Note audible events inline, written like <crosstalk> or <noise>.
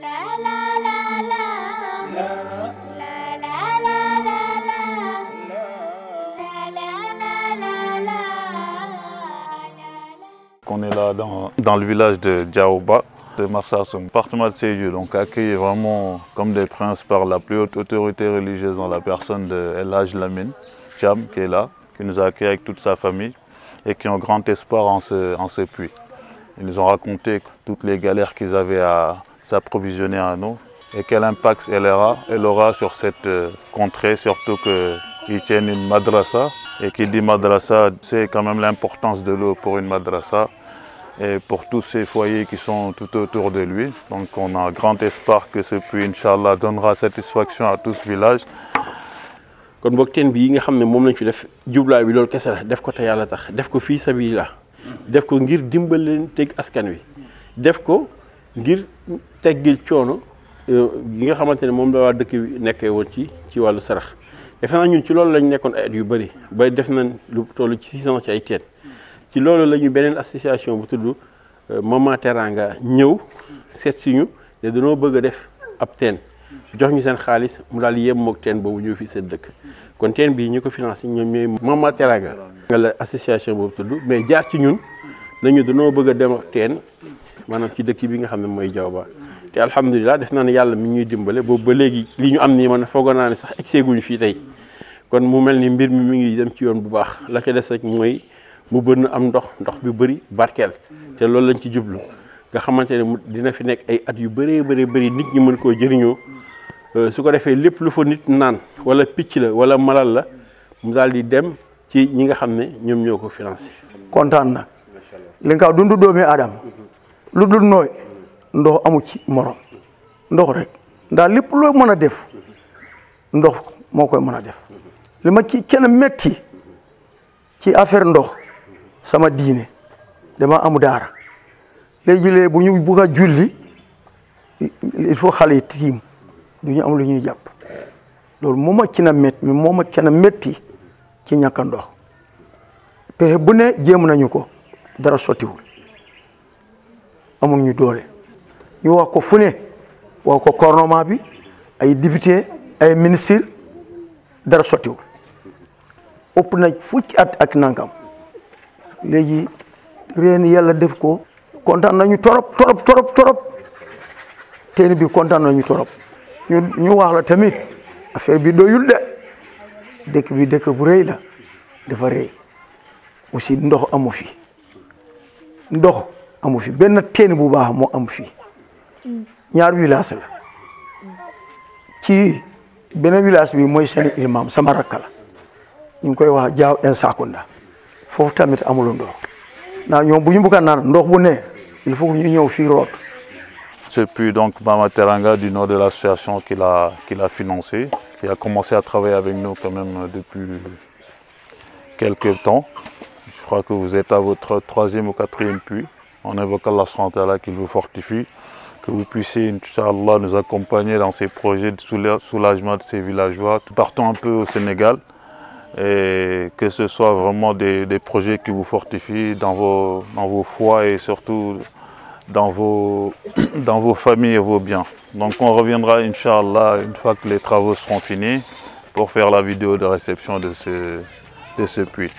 On est là dans, dans le village de Djaouba, de Marsassoum, département de lieux, donc accueilli vraiment comme des princes par la plus haute autorité religieuse dans la personne de El Haj Lamine, Cham, qui est là, qui nous a accueillis avec toute sa famille et qui ont grand espoir en ce, en ce puits. Ils nous ont raconté toutes les galères qu'ils avaient à, s'approvisionner en eau et quel impact elle aura, elle aura sur cette euh, contrée, surtout qu'ils tiennent une madrasa. Et qui dit madrasa, c'est quand même l'importance de l'eau pour une madrasa et pour tous ces foyers qui sont tout autour de lui. Donc on a grand espoir que ce puits, Inch'Allah, donnera satisfaction à tout ce village. kon vous teen bi yi nga xam ne moom lañ fi def jublaay bi loolu kese la def ko te yàlla tax def ko fii sabilillah def ko ngir dimbal leen teg askan wi def ko ngir teggil coono yi euh, nga xamante ne moom la waa dëkk bi nekkee woon ci ci wàllu sarax defe ñun ci loolu lañ nekkoon ay at yu bëri ba def na lu toll ci six ans ci ay teen ci loolu la ñu beneen association bu tudd euh, Mama Teranga ñëw seet si ñu ne dañoo bëgg a def ab teen jox ñu seen xaalis mu daal yem moog teen boobu ñëw fii seen dëkk kon teen bii ñu ko financé ñoom ñooy Mama Teranga nga la association boobu tudd mais jaar ci ñun nañu dañoo bëgg a dem ak maanaam ci dëkk bi nga xam ne mooy Diaouba te alhamdulilah def naa ne yàlla mi ñuy dimbale boobu ba léegi li ñu am nii man foogoo naa ne sax egseeguñu fii tey kon mu mel ni mbir mi mi ngi dem ci yoon bu baax la ko des rek mooy mu bënn am ndox ndox bi bëri barkeel te loolu lañ ci jublu nga xamante ne mu dina fi nekk ay at yu bëree bëri bari nit ñi mën koo jëriñoo euh, su ko defee lépp lu fa nit naan wala picc la wala malal la mu daal dem ci ñi nga xam ne ñoom ñoo ko financé kontaan lu dul nooy ndox amu ci morom ndox rek ndax lépp loo mën a def ndox moo koy mën a def li ma ci kenn metti ci affaire ndox sama diine dama amu daara léegi léegi bu ñu bugg a julli il faut xale yi tiim du am lu ñuy jàpp loolu moo ma ci na métti moo ma na métti ci ñàkk ndox pexe bu ne jéem nañu ko dara sottiwul amul ñu doole ñu wax ko fu ne wax ko gouvernement bi ay député ay ministre dara sottiwul ëpp na fukki at ak nangam léegi reen yàlla def ko kontaan nañu torop torop torop torop bi kontaan nañu torop ñu ñu wax la tamit affaire bi doyul de dëkk bi dëkk bu rëy la dafa rëy aussi ndox amu fi ndox amufi ben benn teen bu baax moo am fi ñaar village la ci ben village bi moy seen imam sama rakala ñing koy wax jaw en sakunda fofu tamit amul do na ñoom bu ñu bu kan naan ndox bu ne il faut ñu ñew fi root C'est puis donc Mama Teranga du nord de l'association qui l'a financé, et a commencé à travailler avec nous quand même depuis quelques temps. Je crois que vous êtes à votre troisième ou quatrième puits. On invoque Allah qu'il vous fortifie, que vous puissiez, Inch'Allah, nous accompagner dans ces projets de soulagement de ces villageois. Partons un peu au Sénégal et que ce soit vraiment des, projets qui vous fortifient dans vos, dans foies et surtout dans vos, <coughs> dans vos familles et vos biens. Donc on reviendra, Inch'Allah, une fois que les travaux seront finis pour faire la vidéo de réception de de ce puits.